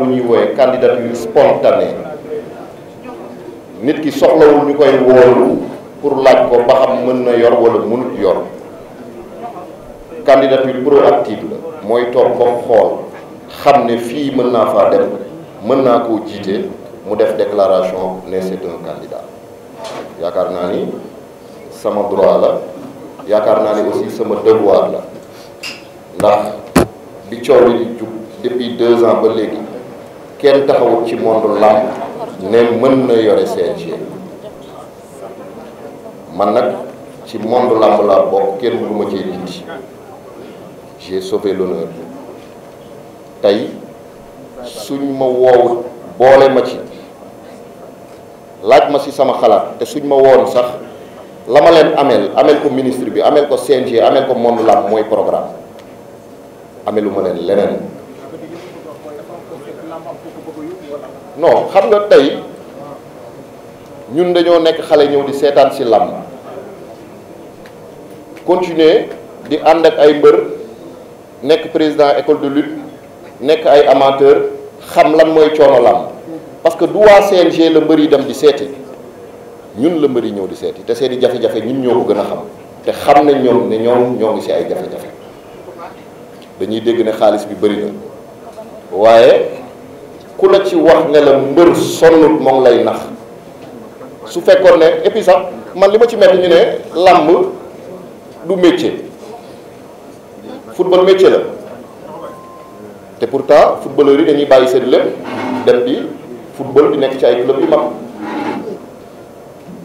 bu ñuy wooyee candidature spontanée nit ki soxlawul ñu koy woolu pour laaj ko ba xam mën na yor wala mënut yor candidature proactive la mooy toog ba xool xam ne fii mën naa faa dem mën naa koo jiite mu def déclaration ne c'est un candidat yaakaar naa ni sama droit la yaakaar naa ni aussi sama devoir la ndax bi coow li jub depuis ans ba léegi kenn taxawut ci monde làmb ne mën na yore CNG man nag ci monde làmb laa bokk kenn lu ma ci dindi j'ai sauvé l'honneur tey suñ ma woowut boole ma ci laaj ma ci sama xalaat te suñ ma woon sax la ma leen ameel ameel ko ministre bi ameel ko CNG ameel ko monde làmb mooy programme ameelu ma leen leneen non xam nga tey ñun dañoo nekk xale ñëw di seetaan ci làmb continuer di ànd ak ay mbër nekk président école de lutte nekk ay amateur xam lan mooy coono làmb parce que du waa CNG la mbër dem di seeti ñun la mbër ñëw di seeti te seeni jafe-jafe ñun ñoo ko gën a xam te xam nañ ñoom ne ñoom ñoo ngi ci ay jafe-jafe dañuy dégg ne xaalis bi bëri waaye ku la ci wax ne la mbër sonnut moom lay nax su fekkoon ne et man li ma ci metti ñu ne làmb du métier football métier la te pourtant footballeurs yi dañuy bàyyi seen lépp dem di football di nekk ci ay club yu mag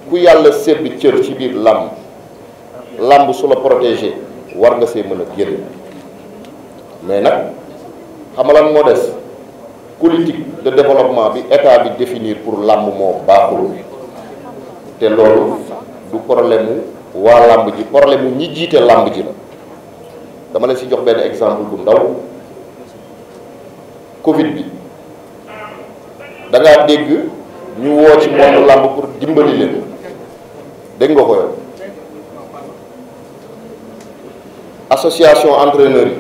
ku yàlla sedd cër ci biir làmb làmb su la protégé war nga see mën a génn mais nag xamalan moo des politique de développement bi état bi définir pour làmb moo baaxul te loolu du problème waa làmb ji problème mu ñi jiite làmb ji la dama la si jox benn exemple bu ndaw Covid bi dangaa dégg ñu woo ci monde làmb pour dimbali leen dégg nga ko yow association entraîneur yi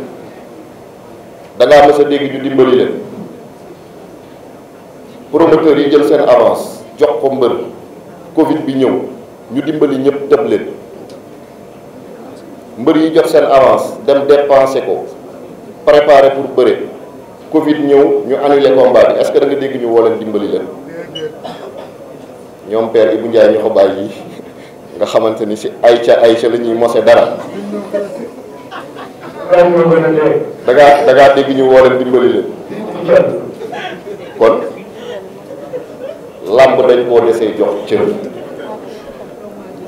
da ngaa mës dégg ñu dimbali leen. promoteurs yi jël seen avance jox ko mbër Covid bi ñëw ñu dimbali ñëpp tëb leen mbër yi jot seen avance dem dépensé ko préparé pour bëre Covid ñëw ñu annulé combat bi est-ce que da nga dégg ñu woo leen dimbali leen ñoom père Ibou Ndiaye ñu ko bàyyi nga xamante ni si ayca ay la lañuy mose dara. da ngaa dégg ñu woo leen dimbali leen. làmb dañ koo desee jox cër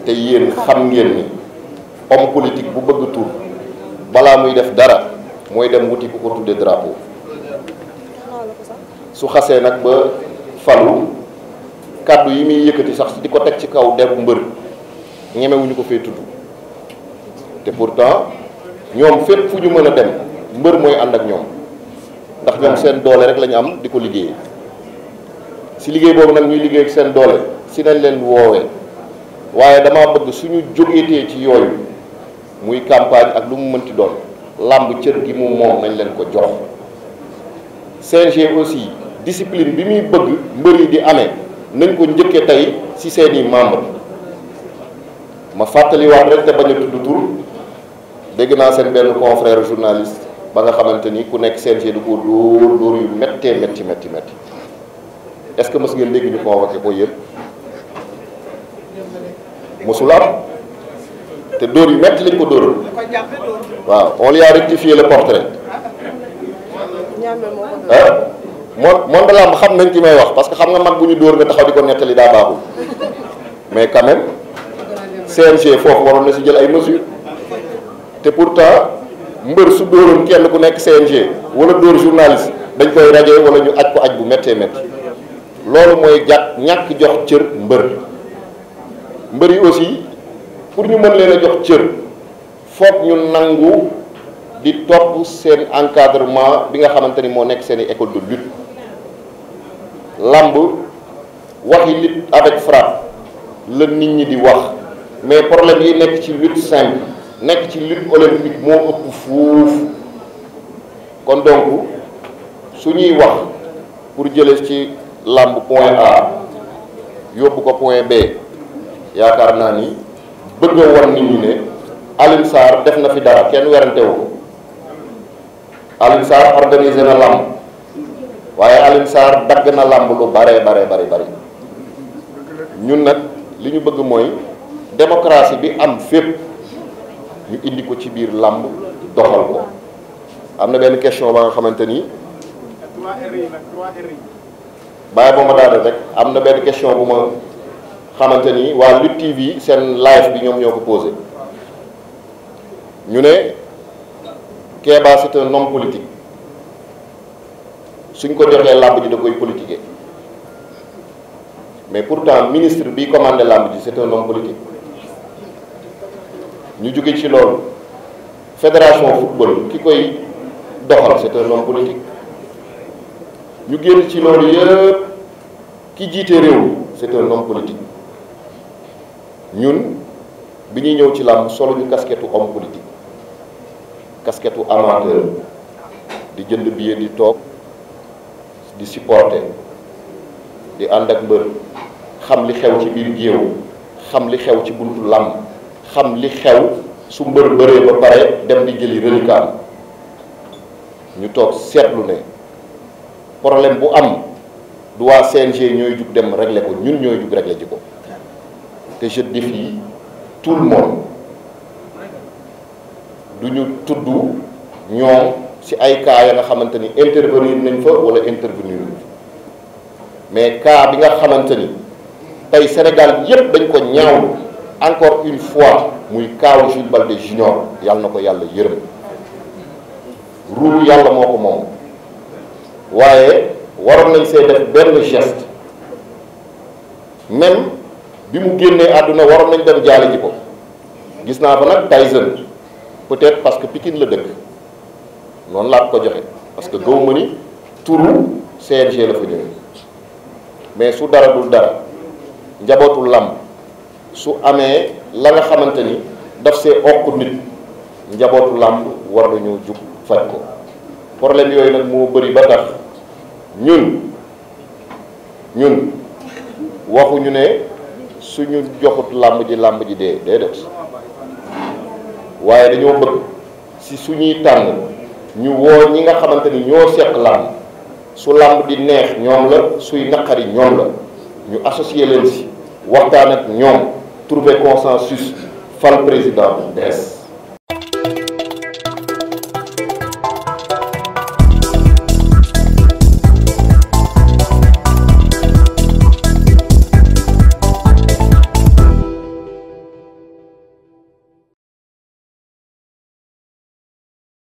te yéen xam ngeen ni homme politique bu bëgg tur balaa muy def dara mooy dem wuti ku ko tuddee drapeau su xasee nag ba falu kàddu yi muy yëkkati sax di ko teg ci kaw deru mbër ñemewuñu ko fee tudd te pourtant ñoom fépp fu ñu mën a dem mbër mooy ànd ak ñoom ndax ñoom seen doole rek lañu am di ko liggéey ci liggéey boobu nag ñuy liggéey ak seen doole si nañ leen woowee waaye dama bëgg suñu jógeetee ci yooyu muy campagne ak lu mu mënti doon làmb cër gi mu moom nañ leen ko jox CNG aussi disipline bi muy bëgg mbër yi di amee nañ ko njëkke tey ci seeni membre ma fàttali rek te bañ a tudd tur dégg naa seen benn confrère journaliste ba nga xamante ni ku nekk CNG du ko dóor dóor yu méttee métti métti métti est-ce que mës ngeen dégg ko yéen mësul am te dóor yu metti lañ ko dóoroon waaw on lui a rectifié le portrait ah moom moom balaa ma xam nañ ci may wax parce que xam nga mag bu ñu dóor nga taxaw di ko nettali daa mais quand CNG foofu waroon na si jël ay mesures te pourtant mbër su dóoroon kenn ku nekk CNG wala dóor journaliste dañ koy rajee wala ñu aj ko aj bu méttee métti loolu mooy jàpp ñàkk jox cër mbër mbër yi aussi pour ñu mën leen a jox cër foog ñu nangu di topp seen encadrement bi nga xamante ni moo nekk seen i école du lutte làmb waxi lutte avec frappe la nit ñi di wax mais problème yi nekk ci lutte simple nekk ci lutte olympique moo ëpp fuuf kon donc su ñuy wax pour jëlee ci làmb point A yóbbu ko point B yaakaar naa ni bëgg a war nit ñi ne Alioune def na fi dara kenn werante wu Alioune Sarr organisé na làmb waaye Alioune Sarr dagg na làmb lu bare bare bare bare ñun nag li ñu bëgg mooy démocratie bi am fépp ñu indi ko ci biir làmb doxal ko am na benn question ba nga xamante ni. bàyyi ba ma daaneel rek am na benn question bu ma xamante ni waa Lutte TV seen live bi ñoom ñoo ko posé ñu ne Kéba c'est un homme politique suñ ko joxee làmb ji da koy politiquer mais pourtant ministre bi commandé làmb ji c'est un homme politique ñu jóge ci loolu fédération football ki koy doxal c'est nom homme ñu génn ci loolu yëpp ki jiite réew c'est un nom politique ñun bi ñuy ñëw ci làmb solo ñu casquettu homme politique casquettu amateur di jënd billet di toog di supporter di ànd ak mbër xam li xew ci biir géew xam li xew ci buntu làmb xam li xew su mbër bëree ba pare dem di jëli reliquat ñu toog seetlu ne problème bu am du waa CNG ñooy jug dem régler ko ñun ñooy jug régler ji ko te je défie tout le monde du ñu tudd ñoom ci ay cas ya nga xamante ni intervenir nañ fa wala intervenir nañ mais cas bi nga xamante ni tey Sénégal yépp dañ ko ñaawlu encore une fois muy kaawu Jules Baldé Junior yàlla na ko yàlla yërëm ruuru yàlla moo ko moom waaye waroon nañ see def benn geste même bi mu génnee àdduna waroon nañ dem jaale ji ko gis naa ko nag Tyson peut-être parce que Pikine la dëkk noonu laa ko joxe parce que gëw ni turu CNG la fa ñëwee mais su dara dul dara njabootu làmb su amee la nga xamante ni daf see okk nit njabootu làmb war nañu jug faj ko problème yooyu nag moo bëri ba tax. ñun ñun waxuñu ne suñu joxut làmb ji làmb ji dee déedéet waaye dañoo bëgg si suñuy tànn ñu woo ñi nga xamante ni ñoo seq làmb su làmb di neex ñoom la suy naqari ñoom la ñu associé leen si waxtaan ak ñoom trouver consensus fal président bu bees